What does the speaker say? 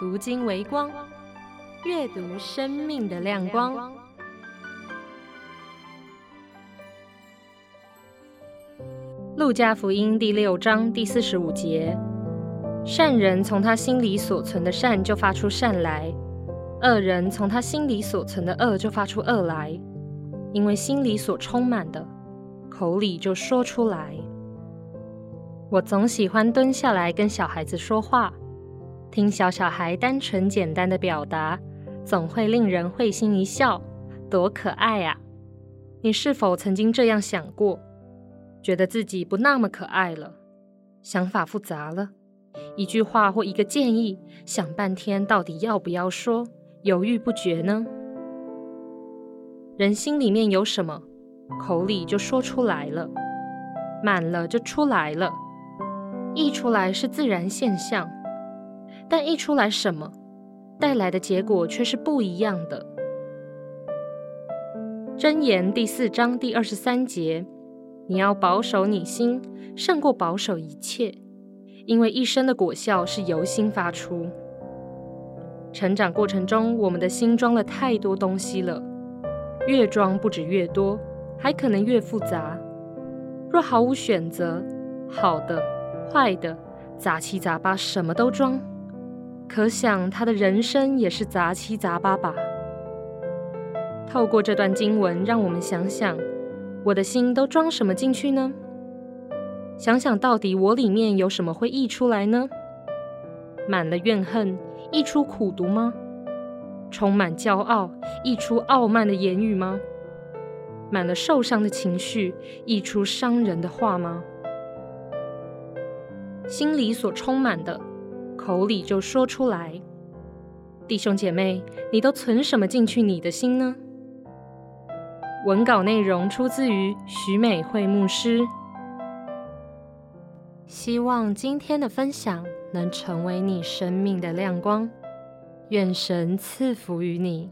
讀經為光，閱讀生命的亮光。路加福音第六章第四十五節：善人從他心裡所存的善就發出善來，惡人從他心裡所存的惡就發出惡來，因為心裡所充滿的，口裡就說出來。我總喜歡蹲下來跟小孩子說話。聽小小孩單純簡單的表達，總會令人會心一笑，多可愛啊！你是否曾經這樣想過，覺得自己不那麼可愛了，想法複雜了，一句話或一個建議，想半天到底要不要說，猶豫不決呢？人心裡面有什麼，口裡就說出來了，滿了就出來了，溢出來是自然現象。但一出來什麼，帶來的結果卻是不一樣的。箴言第四章第二十三節：你要保守你心，勝過保守一切，因為一生的果效是由心發出。成長過程中，我們的心裝了太多東西了，越裝不止越多，還可能越複雜。若毫無選擇，好的、壞的、雜七雜八，什麼都裝。可想他的人生也是雜七雜八吧。透過這段經文，讓我們想想，我的心都裝什麼進去呢？想想到底我裡面有什麼會溢出來呢？滿了怨恨，溢出苦毒嗎？充滿驕傲，溢出傲慢的言語嗎？滿了受傷的情緒，溢出傷人的話嗎？心裡所充滿的。口裡就說出來，弟兄姐妹，你都存什麼進去你的心呢？文稿內容出自於許美惠牧師，希望今天的分享能成為你生命的亮光，願神賜福於你。